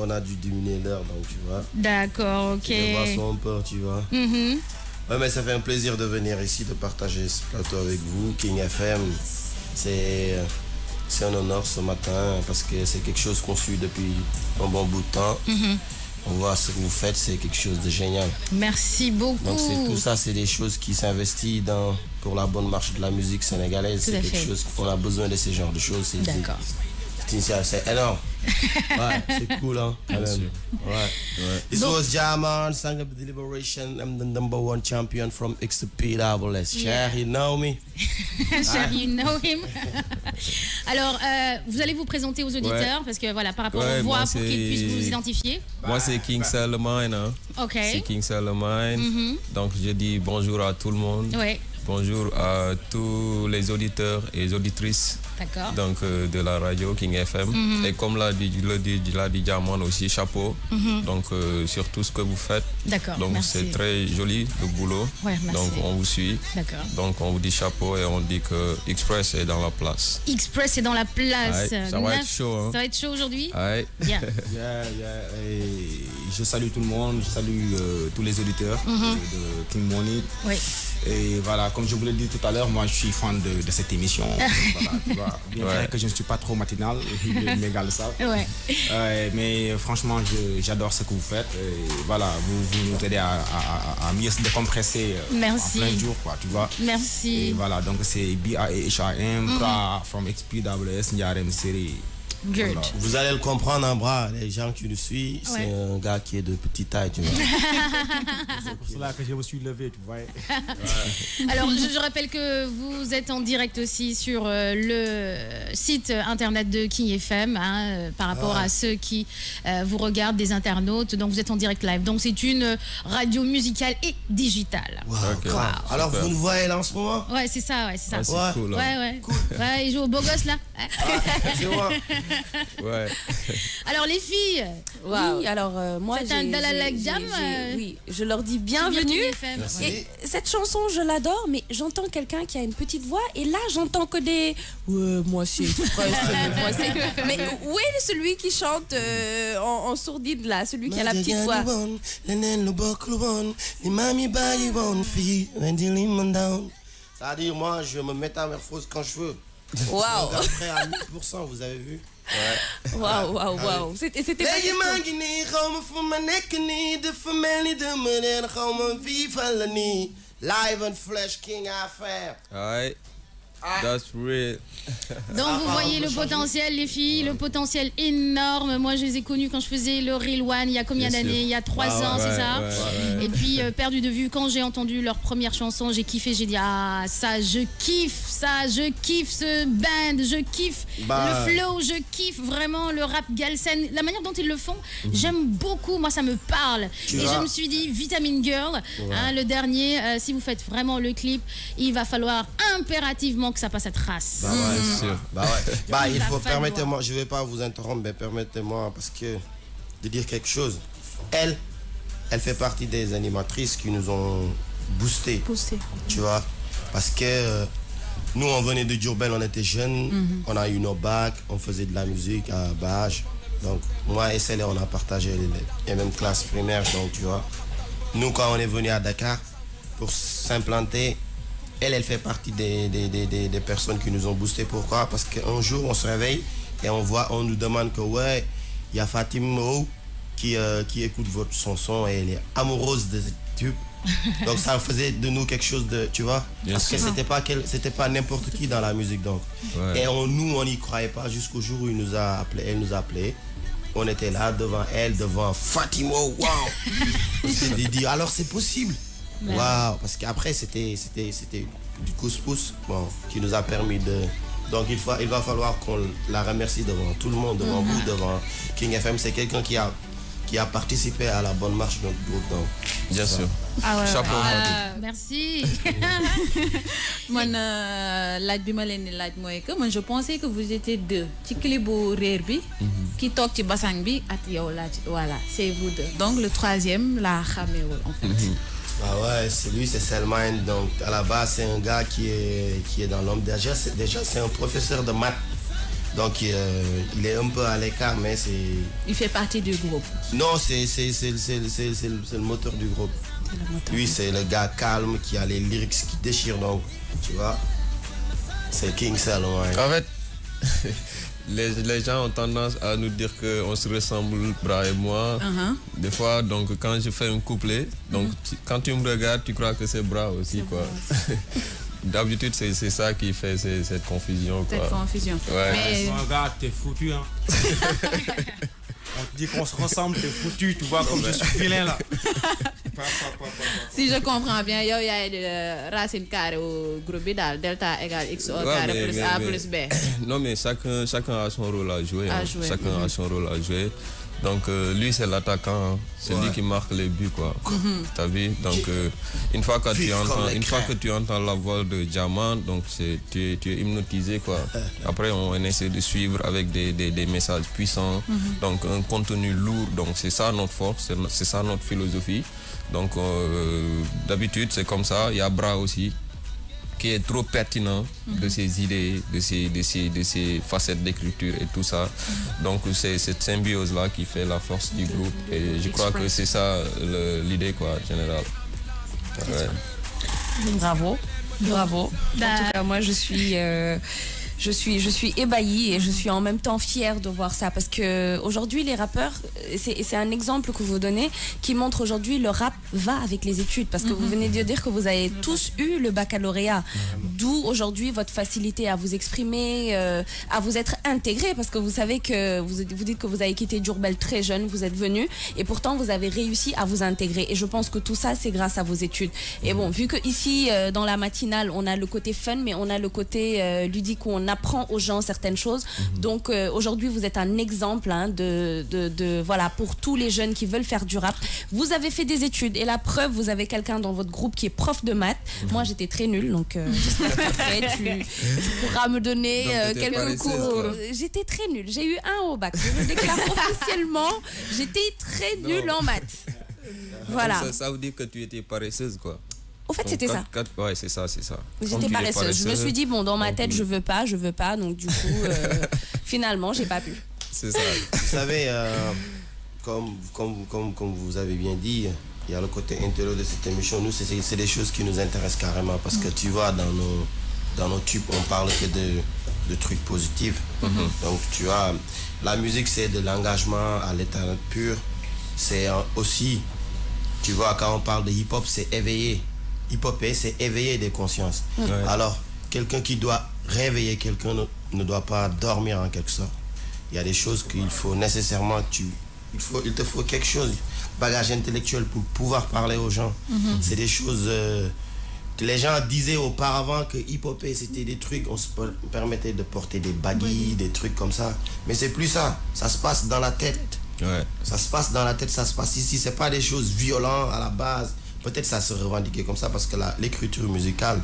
on a dû diminuer l'heure, donc tu vois. D'accord, ok. On tu vois. Mm ouais, mais ça fait un plaisir de venir ici, de partager ce plateau avec vous, King FM. C'est c'est un honneur ce matin parce que c'est quelque chose qu'on suit depuis un bon bout de temps. Mm-hmm. On voit ce que vous faites, c'est quelque chose de génial. Merci beaucoup. Donc c'est tout ça, c'est des choses qui s'investissent dans pour la bonne marche de la musique sénégalaise. C'est quelque chose qu'on a besoin de ces genres de choses. D'accord. Tinsia, c'est énorme. ouais, c'est cool, hein, quand Bien même. Ouais, ouais. This Donc, was Jaman, Sang of Liberation. I'm the number one champion from XPWS. Yeah. you know me. Cher, ah. you know him. Alors, euh, vous allez vous présenter aux auditeurs ouais. parce que voilà, par rapport ouais, aux voix, pour qu'ils puissent vous identifier. Moi, c'est King Salomon. Hein. Ok. C'est King Salomon. Mm -hmm. Donc, je dis bonjour à tout le monde. Ouais. Bonjour à tous les auditeurs et auditrices donc, euh, de la radio King FM. Mhm. Et comme l'a dit, le dit, Diamond aussi, chapeau. Mhm. Donc, euh, sur tout ce que vous faites. Donc, c'est très joli le boulot. donc, on vous suit. Donc, on vous dit chapeau et on dit que Express est dans la place. Express est dans la place. ça, va être chaud. Hein. Ça va être chaud aujourd'hui. je salue tout le monde, je salue euh, tous les auditeurs mhm. de, King Money. Oui. Et voilà, comme je vous l'ai dit tout à l'heure, moi je suis fan de, cette émission. bien vrai que je ne suis pas trop matinal, m'égale ça. mais euh, franchement, j'adore ce que vous faites. Et voilà, vous, vous nous aidez à, mieux se décompresser euh, en plein jour, quoi, tu vois. Merci. Et voilà, donc c'est Bia mm mhm. from XPWS, Nyarem Série vous allez le comprendre en bras, les gens qui nous suivent, c'est un gars qui est de petite taille, c'est pour cela que je me suis levé, tu vois. Alors, je, rappelle que vous êtes en direct aussi sur euh, le site internet de KingFM, hein, euh, par rapport ah. à ceux qui euh, vous regardent, des internautes. Donc, vous êtes en direct live. Donc, c'est une radio musicale et digitale. Alors, vous nous voyez là en ce moment Ouais, c'est ça, ouais, c'est ça. Ouais, cool, hein. ouais, ouais. il joue au beau gosse là. Ah, ouais. Alors les filles, oui, alors moi Oui, je leur dis bienvenue. cette chanson, je l'adore, mais j'entends quelqu'un qui a une petite voix et là j'entends que des ouais, moi c'est mais où est celui qui chante euh, en, sourdine là, celui qui a la petite voix c'est-à-dire, moi, je me métamorphose quand je veux. Waouh! à 1000%, vous avez vu? waaw waaw waaw c'était léegi maa xaw ma fu ma nekk nii dafa mel ni dama neen xaw ma fii fan la nii live and flash king affaire Ah. Donc vous ah, voyez le potentiel, les filles, le potentiel énorme. Moi, je les ai connues quand je faisais le Real One il y a combien d'années Il y a trois ah ans, c'est ça Et puis, euh, perdu de vue, quand j'ai entendu leur première chanson, j'ai kiffé. J'ai dit, ah, ça, je kiffe, ça, je kiffe ce band, je kiffe bah. le flow, je kiffe vraiment le rap Galsen. La manière dont ils le font, mhm. j'aime beaucoup. Moi, ça me parle. Et je me suis dit, Vitamin Girl, hein, le dernier, euh, si vous faites vraiment le clip, il va falloir impérativement que ça passe cette race. Bah ouais, mm. sûr. Bah ouais. Bah, il faut, permettez-moi, je vais pas vous interrompre, mais permettez-moi, parce que, de dire quelque chose. Elle, elle fait partie des animatrices qui nous ont boosté. Boosté. Tu vois Parce que euh, nous, on venait de Durban, on était jeunes, mm-hmm. on a eu nos bacs, on faisait de la musique à Bâche. Donc, moi et celle on a partagé les, mêmes classes primaires. Donc, tu vois, nous, quand on est venu à Dakar pour s'implanter, elle, elle fait partie des, des, personnes qui nous ont boosté. Pourquoi Parce qu'un jour, on se réveille et on voit, on nous demande que, ouais, il y a Fatima qui, euh, qui écoute votre chanson et elle est amoureuse de ce tube. Donc ça faisait de nous quelque chose de, tu vois, parce que c'était pas c'était pas n'importe qui dans la musique donc. Et on, nous on n'y croyait pas jusqu'au jour où il nous a appelé, elle nous a appelé. On était là devant elle, devant Fatimo, waouh. dit alors c'est possible. Waouh, parce qu'après, c'était du couscous bon, qui nous a permis de. Donc il, faut, il va falloir qu'on la remercie devant tout le monde, devant mm-hmm. vous, devant King FM. C'est quelqu'un qui a, qui a participé à la bonne marche de notre groupe. Donc, Bien sûr. Ah, ouais, Chapeau. Ouais. Ah, merci. Euh, moi, je pensais que vous étiez deux. Rerbi, qui toque Voilà, c'est vous deux. Donc le troisième, la Khameo, en fait. Mm-hmm. Ah ouais, c'est lui, c'est Selmine. Donc à la base, c'est un gars qui est, qui est dans l'ombre. Déjà, c'est, déjà, c'est un professeur de maths. Donc euh, il est un peu à l'écart, mais c'est. Il fait partie du groupe. Non, c'est, c'est, c'est, c'est le moteur du groupe. lui, c'est le gars calme qui a les lyrics qui déchirent donc, tu vois. C'est King Selmain. En fait, les, gens ont tendance à nous dire qu'on se ressemble, bras et moi. Uh-huh. Des fois, donc, quand je fais un couplet, donc, uh-huh. quand tu me regardes, tu crois que c'est bras aussi, D'habitude, c'est ça qui fait cette confusion. Quoi. confusion. Ouais. Mais... Regarde, t'es foutu, hein. On te dit qu'on se ressemble, t'es foutu, tu vois, comme je suis vilain, là. si je comprends bien il y a y racine carrée au groupe delta égale x au carré plus a plus b. non mais chacun chacun a son rôle à jouer. Hein. Chacun a mm-hmm. son rôle à jouer. Donc euh, lui c'est l'attaquant, hein. c'est lui qui marque les buts quoi. Mm-hmm. vu Donc euh, une fois que tu entends, une fois que tu entends la voix de Diamant, donc tu es, hypnotisé quoi. Après on essaie de suivre avec des, messages puissants, mm-hmm. donc un contenu lourd. Donc c'est ça notre force, c'est ça notre philosophie. Donc euh, d'habitude c'est comme ça. Il y a Bra aussi qui est trop pertinent de mhm. ses idées, de ses, de ses, de facettes d'écriture et tout ça. Mhm. Donc c'est cette symbiose-là qui fait la force du groupe et je crois que c'est ça l'idée quoi, générale. Bravo, bravo. En bah. tout cas, moi je suis... Euh, je suis, je suis ébahie et je suis en même temps fière de voir ça parce que aujourd'hui les rappeurs, c'est un exemple que vous donnez qui montre aujourd'hui le rap va avec les études parce que vous mhm. venez de dire que vous avez tous eu le baccalauréat, d'où aujourd'hui votre facilité à vous exprimer, euh, à vous être intégré parce que vous savez que vous, vous dites que vous avez quitté Durbel très jeune, vous êtes venu et pourtant vous avez réussi à vous intégrer et je pense que tout ça c'est grâce à vos études. Et bon, vu que ici euh, dans la matinale on a le côté fun mais on a le côté euh, ludique où on apprend aux gens certaines choses. Mhm. Donc euh, aujourd'hui, vous êtes un exemple hein, de, de, voilà pour tous les jeunes qui veulent faire du rap. Vous avez fait des études et la preuve, vous avez quelqu'un dans votre groupe qui est prof de maths. Mhm. Moi, j'étais très nulle, donc euh, tu, pourras me donner euh, quelques cours. J'étais très nulle. J'ai eu un au bac. Je vous déclare officiellement. J'étais très nulle en maths. Voilà. Ça, ça veut que tu étais paresseuse, quoi. Au fait, c'était ça. ouais, c'est ça, c'est ça. J'étais paresseuse. Je me suis dit, bon, dans ma tête, je veux pas, je veux pas. Donc, du coup, euh, finalement, j'ai pas pu. C'est ça. Vous savez, euh, comme, comme, vous avez bien dit, il y a le côté intérieur de cette émission. Nous, c'est des choses qui nous intéressent carrément parce que tu vois, dans nos, dans nos tubes, on parle que de, trucs positifs. Mm-hmm. Donc, tu vois, la musique, c'est de l'engagement à l'état pur. C'est euh, aussi, tu vois, quand on parle de hip-hop, c'est éveillé hypopée, c'est éveiller des consciences. Alors, quelqu'un qui doit réveiller quelqu'un ne, doit pas dormir en quelque sorte. Il y a des choses qu'il faut nécessairement, tu, il, faut, il te faut quelque chose, bagage intellectuel pour pouvoir parler aux gens. Mhm. Mhm. C'est des choses... que euh, les gens disaient auparavant que hypopée c'était des trucs, on se permettait de porter des baguilles, des trucs comme ça. Mais c'est plus ça. Ça se passe dans la tête. Ça se passe dans la tête, ça se passe ici. C'est pas des choses violentes à la base peut-être ça se revendiquer comme ça parce que l'écriture musicale,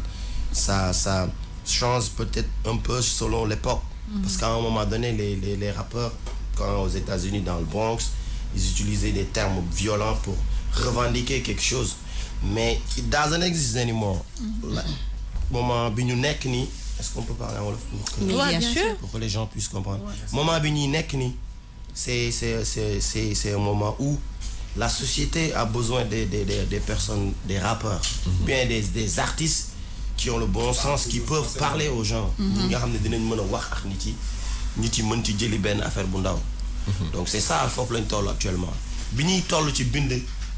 ça, ça change peut-être un peu selon l'époque. Mhm. Parce qu'à un moment donné, les, les, rappeurs, quand aux États-Unis, dans le Bronx, ils utilisaient des termes violents pour revendiquer quelque chose. Mais it doesn't exist anymore. Mhm. Moment bini nek ni, est-ce qu'on peut parler en wolof pour que, pour que les gens puissent comprendre? Moment bini nek ni, c'est un moment où la société a besoin des, des, des, personnes, des rappeurs, mhm. bien des, artistes qui ont le bon sens, qui peuvent parler aux gens. donc c'est ça qu'il faut toll actuellement Bini tu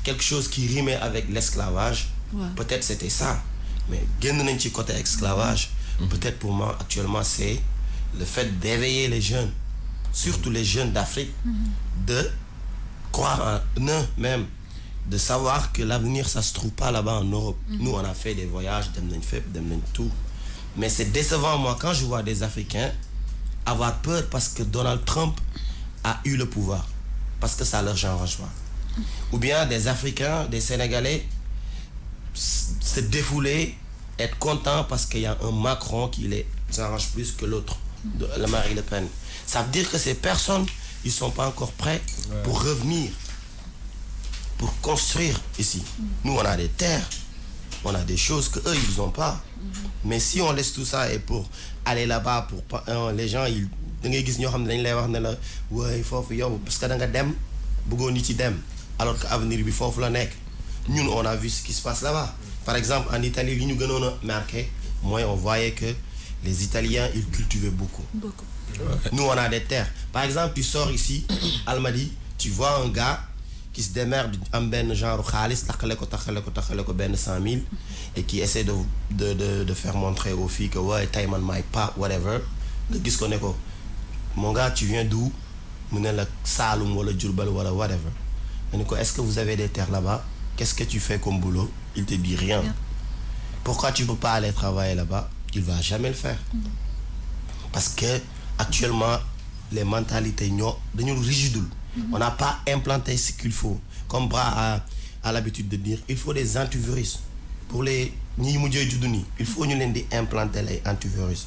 quelque chose qui rime avec l'esclavage, peut être c'était ça mais quand nañ ci côté esclavage. Mhm. peut être pour moi actuellement c'est le fait d'éveiller les jeunes surtout les jeunes d'Afrique, mhm. de croire en eux même, de savoir que l'avenir, ça se trouve pas là-bas en Europe. Mhm. Nous, on a fait des voyages, fait, tout. Mais c'est décevant, moi, quand je vois des Africains avoir peur parce que Donald Trump a eu le pouvoir, parce que ça leur change pas. Mhm. Ou bien des Africains, des Sénégalais, se défouler, être content parce qu'il y a un Macron qui les arrange plus que l'autre, la Marie Le Pen. Ça veut dire que ces personnes ils ne sont pas encore prêts pour revenir, pour construire ici. Nous, on a des terres, on a des choses que eux ils n'ont pas. Mais si on laisse tout ça et pour aller là-bas, pour euh, les gens, ils, alors qu'avenir bi on a vu ce qui se passe là-bas par exemple en Italie nous marqué moi on voyait que les Italiens ils cultivaient beaucoup, beaucoup. Nous, on a des terres. Par exemple, tu sors ici, Almadi, tu vois un gars qui se démerde en ben genre khalis, takaleko, takaleko, takaleko, ben 100 000, et qui essaie de, de, de, faire montrer aux filles que ouais, time on my whatever. Qu'est-ce Mon gars, tu viens d'où? Mon le saloum ou le ou whatever. Est-ce que vous avez des terres là-bas? Qu'est-ce que tu fais comme boulot? Il te dit rien. Pourquoi tu ne peux pas aller travailler là-bas? Il ne va jamais le faire. Mm. Parce que actuellement les mentalités sont rigides. Mhm. on n'a pas implanté ce qu'il faut comme Bra a l'habitude de dire il faut des antivirus pour les ñi ont il faut implanter les antivirus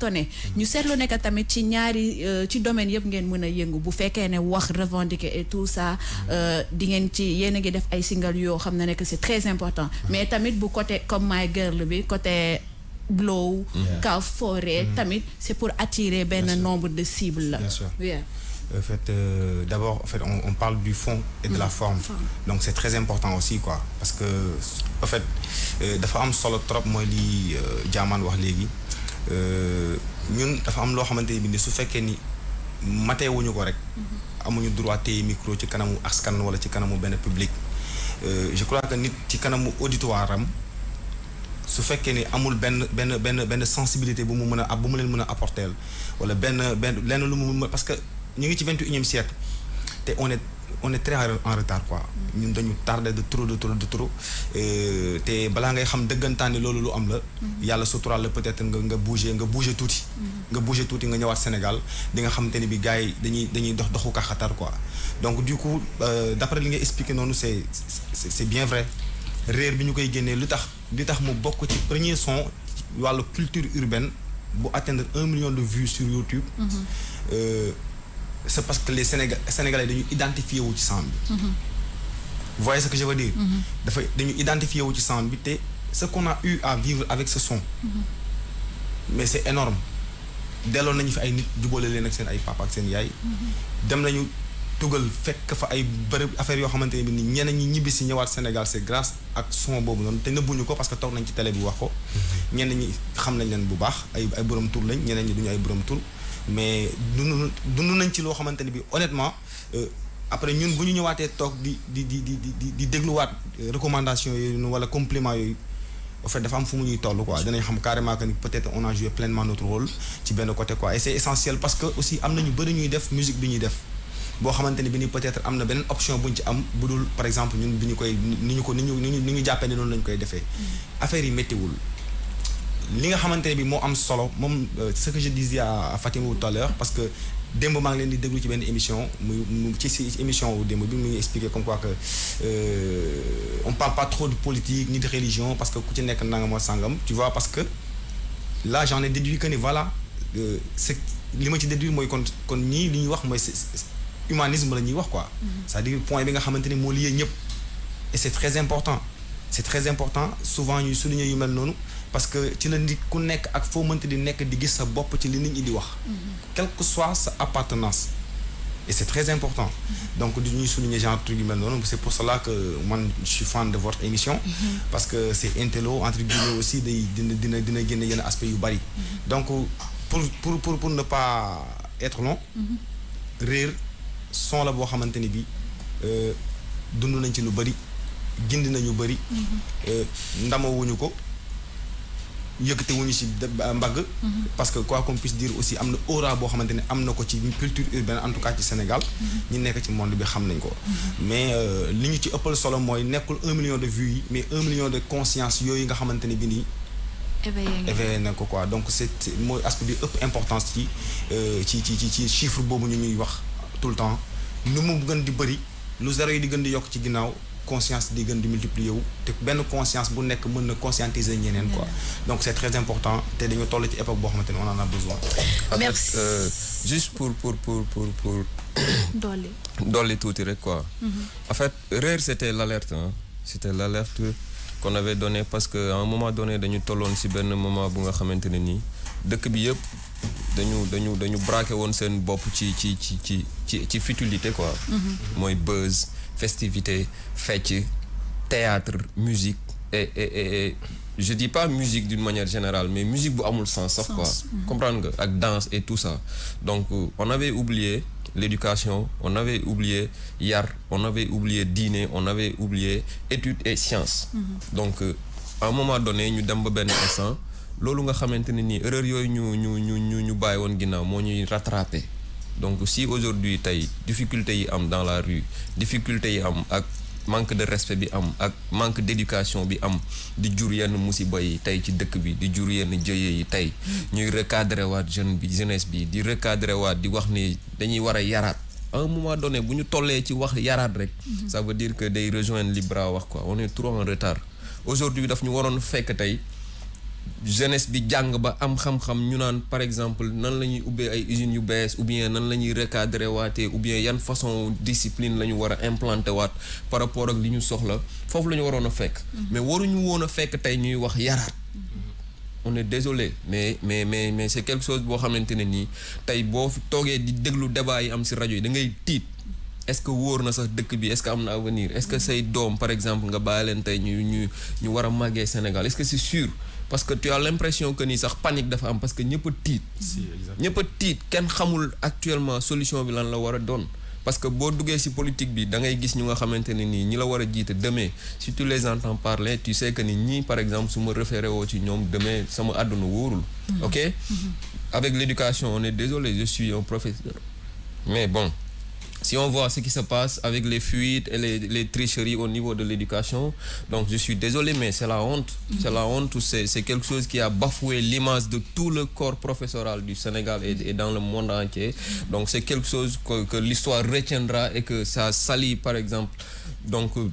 cartonné ñu sétlo nek tamit ci ñaari euh, ci domaine yëpp ngeen mëna a yëngu bu féké né wax revendiquer et tout ça euh di ngeen ci yéen gi def ay single yo xam ne nekk c'est très important mais tamit bu côté comme my girl bi côté blow ka forêt mm-hmm. tamit c'est pour attirer ben nombre de cibles la euh, en fait, euh, d'abord, en fait, on, on, parle du fond et de mmh. la mm. forme. Donc, c'est très important aussi, quoi. Parce que, en fait, euh, de forme, sur le trop, moi, li, euh, Euh, ñun dafa am loo xamante ni su fekkee ni mateewuñu ko rek. Mhm. amuñu droit téye micro ci kanamu askan wala ci kanamu benn public. Euh, je crois que nit ci kanamu auditoire am su fekkee ni amul benn benn benn benn sensibilité bu mu mën a ab bu mu leen mën a apporter wala benn benn lenn lu mu parce que ñu ngi ci vingt et unième siècle te on on est très en retard quoi ñun dañu tardé de trop de trop de trop té bala ngay xam deugantane lolu lu am la mhm. yalla suturaal peut-être nga nga bouger nga bouger touti mhm. nga bouger touti nga ñëwaat Sénégal di nga xam ni bi gaay dañuy dañuy dox doxu xatar quoi donc du coup euh, d'après li nga expliqué noonu c'est c'est bien vrai réer bi ñu koy génnee lu tax li tax mu bokku ci premier son wàllu culture urbaine bu atteindre un million de vues sur YouTube mhm. euh, c'est parce que les Sénégal Sénégalais dañu identifié au ci son bi. Mhm. vous voyez ce que je veux dire. Mhm. dafa dañu identifié wu ci son bi ce qu'on a eu à vivre avec ce son. Mhm. mais c'est énorme delloo nañu fi ay nit jubóole leen ak seen ay papa ak seen yaay. dem nañu tugal fekk fa ay bërëb affaire yo xamante ni ñeneen ñi ñibbi ñëwaat Sénégal c'est grâce ak son boobu noonu te nëbbuñu ko parce que tok nañ ci télé bi wax ko. ñeneen ñi xam nañ leen bu baax ay ay borom tour lañ ñeneen ñi duñu ay borom tour mais dund dund nañ ci loo xamante ni bi honnêtement euh, après ñun bu ñu ñëwaatee toog di di di di di di dégluwaat euh, recommandation yooyu wala complément yooyu au fait dafa am fu mu ñuy toll quoi dinañ xam carrément que peut-être on a joué pleinement notre rôle ci benn côté quoi et c'est essentiel parce que aussi am na ñu bëri ñuy def musique bi ñuy def boo xamante bi ni peut-être amna benen option buñ ci am budul par exemple ñun bi koy niñu ñu ko niñu ñu ni ñu jàppee ne lañ koy défé mm. affaire yi metti wul li nga xamante ne bi moo am solo moom euh, ce que je disais à Fatima tout à l'heure parce que démb maa ngi leen di déglu ci benn émission muy ci si émission wu démb bi mu ngi comme quoi que euh, on parle pas trop de politique ni de religion parce que ku ci nekk nanga moo sàngam tu vois parce que là j'en ai déduit que ni voilà euh, c'est li ma ci déduit mooy kon kon li ñuy wax mooy humanisme la ñuy wax quoi Ça à dire point bi nga xamante ne lié ñëpp et c'est très important c'est très important souvent ñuy souligner yu mel noonu parce que ci na nit ku nekk ak foo mënta di nekk di gis sa bopp ci li nit ñi di wax. Mhm. quelle que soit sa appartenance. et c'est très important. Mhm. donc du ñuy souligner genre truc yu mel noonu c'est pour cela que man je suis fan de votre émission. Mhm. parce que c'est intello entre guillemets aussi day dina dina dina génne yenn aspect yu bari. donc pour pour pour pour ne pas être long. réer son la boo xamante ni bi euh, dund nañ ci lu bari gindi nañu bari. Euh, ndamawuñu ko yëkkate wuñu ci mbagg mm-hmm. parce que quoi qu'on puisse dire aussi am na aura boo xamante ne am na ko ci culture urbaine en tout cas ci Sénégal mm-hmm. ñi nekk ci monde bi xam nañ ko mm-hmm. mais euh, li ñu ci ëppal solo mooy nekkul un million de vues mais un million de conscience yooyu nga xamante ne bi nii éveillé na ko quoi donc c'est mooy aspect bi ëpp importance euh, ci ci ci ci chiffre boobu ñu ñuy wax tout le temps nu mu gën di bëri lu zero yi di gën di yokk ci ginnaaw conscience de gën multiplier ou te conscience bu nekk mën na conscientiser ñeneen quoi donc c'est très important te dañu toll ci époque boo xamante on en a besoin. merci euh, juste pour pour pour pour pour. dans les tout rek quoi. Mm-hmm. en fait rire c'était l'alerte hein? c'était l'alerte qu'on avait donné parce que à un moment donné dañu tolloon ci un moment bu nga xamante ni de dëkk bi yëpp dañu dañu dañu braquer won sen bop ci ci ci ci ci futilité quoi. moy mm-hmm. buzz festivités, fêtes, théâtre, musique. Et, et, je dis pas musique d'une manière générale, mais musique pour le sens, sauf quoi. Mhm. Comprendre avec danse et tout ça. Donc, euh, on avait oublié l'éducation, on avait oublié hier, on avait oublié dîner, on avait oublié études et sciences. Mhm. Donc, euh, à un moment donné, nous avons ben instant. Lolo nga xamanteni ni erreur yoy ñu ñu ñu ñu mo donc si aujourd'hui tey difficulté yi am dans la rue difficulté yi am ak manque de respect bi am ak manque d'éducation bi am di jur yenn musiba tay ci dëkk bi di jur yenn jëye yi tay, ñuy recadrer waat jeune bi jeunesse bi di recadrer waat di wax ni dañuy wara a un moment donné bu ñu tollee ci wax yaraat rek ça veut dire que day rejoindre Libra wax quoi on est trop en retard aujourd'hui daf ñu waroon fekk tay, jeunesse bi jang ba am xam-xam ñu naan par exemple nan la ñuy ubbee ay usine yu bees ou bien nan la ñuy recadrer waatee ou bien yan façon discipline la ñu war a implanter waat par rapport ak li ñu soxla foofu la ñu waroon a fekk. Mm-hmm. mais waruñu woon a fekk tey ñuy wax yaraat. Mm-hmm. on est désolé mais mais mais mais c'est quelque chose boo xamante ne nii tey boo toogee di déglu débat yi am ci rajo yi da ngay tiit. est-ce que wóor na sax dëkk bi est-ce que am na avenir est-ce que mm-hmm. say doom par exemple nga bàyyi leen tey ñu ñu ñu war a màggee Sénégal est-ce que c'est sûr parce que tu as l'impression que ni sax panique dafa am parce que ñepp a tiit ñëpp ne tiit xamul actuellement solution bi lan la wara parce que tu duggé ci politique bi da ngay gis ñu nga xamante ni ñi la wara demain si tu les entends parler tu sais que ni par exemple su me référé wo ci ñom demain sama donne worul mm-hmm. ok mm-hmm. avec l'éducation on est désolé je suis un professeur mais bon si on voit ce qui se passe avec les fuites et les, tricheries au niveau de l'éducation, donc je suis désolé, mais c'est la honte. C'est la honte, c'est quelque chose qui a bafoué l'image de tout le corps professoral du Sénégal et, dans le monde entier. Donc c'est quelque chose que, l'histoire retiendra et que ça salit, par exemple, donc euh,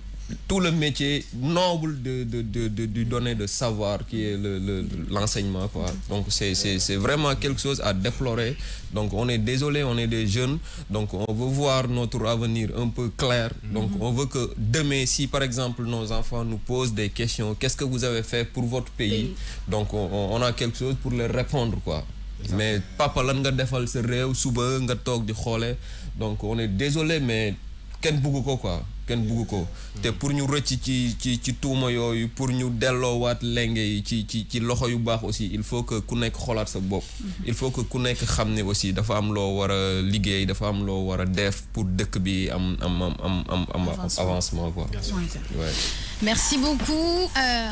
tout le métier noble de, de, de, de, donner de savoir qui est l'enseignement. Le, l'enseignement quoi. donc c'est vraiment quelque chose à déplorer. Donc on est désolé, on est des jeunes. Donc on veut voir notre avenir un peu clair. Donc mhm. on veut que demain, si par exemple nos enfants nous posent des questions, qu'est-ce que vous avez fait pour votre pays Donc on, a quelque chose pour leur répondre. quoi. Mais papa, là, nous avons fait ce souvent, nous Donc on est désolé, mais ken bugg ko quoi ken bugg ko te pour ñu recc ci ci ci touma yoyu pour ñu dello wat yi ci ci ci loxo yu bax aussi il faut que ku nek xolat sa bop il faut que ku nek xamné aussi dafa am lo wara a liggéey dafa am lo wara def pour dëkk bi am am am am am avancement quoi merci beaucoup euh,